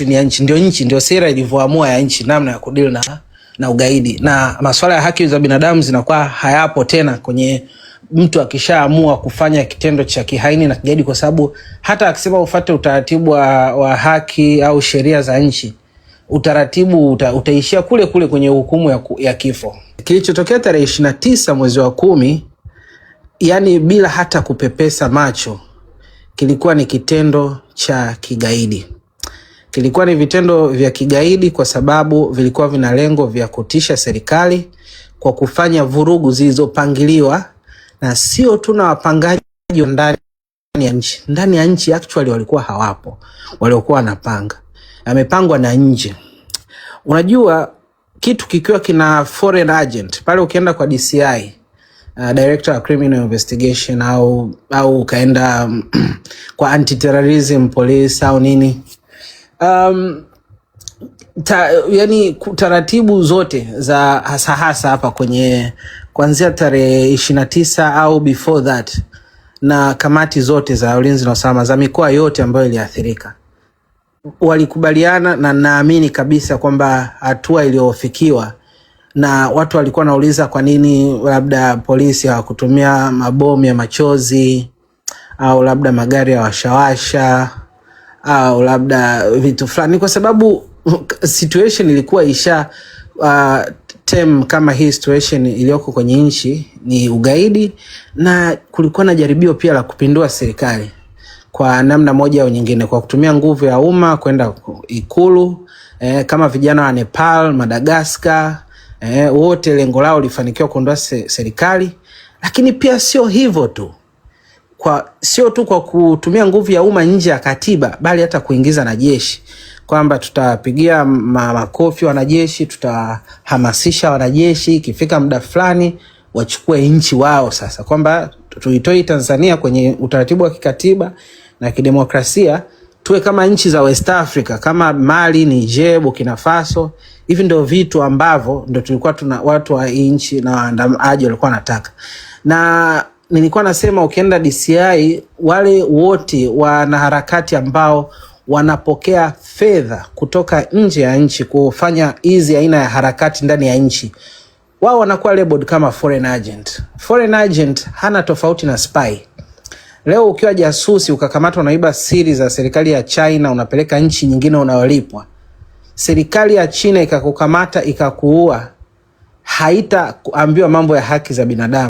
doctrine ya nchi, ndio nchi, ndio sera ilivyoamua ya nchi namna ya kudili na, na ugaidi na masuala ya haki za binadamu zinakuwa hayapo tena kwenye mtu akishaamua kufanya kitendo cha kihaini na kigaidi, kwa sababu hata akisema ufate utaratibu wa, wa haki au sheria za nchi, utaratibu uta, utaishia kule kule kwenye hukumu ya, ya kifo. Kilichotokea tarehe ishirini na tisa mwezi wa kumi, yani bila hata kupepesa macho, kilikuwa ni kitendo cha kigaidi vilikuwa ni vitendo vya kigaidi kwa sababu vilikuwa vina lengo vya kutisha serikali kwa kufanya vurugu zilizopangiliwa na sio tu na wapangaji ndani ya nchi. Ndani ya nchi actually walikuwa hawapo, waliokuwa wanapanga amepangwa na nje. Unajua kitu kikiwa kina foreign agent pale, ukienda kwa DCI uh, director of criminal investigation au au ukaenda um, kwa anti terrorism police au nini um, ta, yani taratibu zote za hasa hasa hapa kwenye kuanzia tarehe ishirini na tisa au before that, na kamati zote za ulinzi na usalama za mikoa yote ambayo iliathirika walikubaliana, na naamini kabisa kwamba hatua iliyofikiwa na watu walikuwa wanauliza kwa nini labda polisi hawakutumia mabomu ya machozi au labda magari ya washawasha au labda vitu fulani, kwa sababu situation ilikuwa isha uh, tem kama hii situation iliyoko kwenye nchi ni ugaidi, na kulikuwa na jaribio pia la kupindua serikali kwa namna moja au nyingine kwa kutumia nguvu ya umma kwenda Ikulu eh, kama vijana wa Nepal, Madagaskar eh, wote lengo lao lifanikiwa kuondoa serikali, lakini pia sio hivyo tu kwa sio tu kwa kutumia nguvu ya umma nje ya katiba, bali hata kuingiza na jeshi kwamba tutapigia makofi wanajeshi, tutahamasisha wanajeshi, ikifika muda fulani wachukue nchi wao, sasa kwamba tuitoi Tanzania kwenye utaratibu wa kikatiba na kidemokrasia, tuwe kama nchi za West Africa kama Mali, Niger, Burkina Faso. Hivi ndio vitu ambavyo ndio tulikuwa tuna watu wa nchi na waandamanaji walikuwa wanataka na nilikuwa nasema ukienda DCI wale wote wanaharakati ambao wanapokea fedha kutoka nje ya nchi kufanya hizi aina ya harakati ndani ya nchi, wao wanakuwa labeled kama foreign agent. Foreign agent hana tofauti na spy. Leo ukiwa jasusi ukakamatwa unaiba siri za serikali ya China unapeleka nchi nyingine unaolipwa serikali ya China ikakukamata ikakuua, haitaambiwa mambo ya haki za binadamu.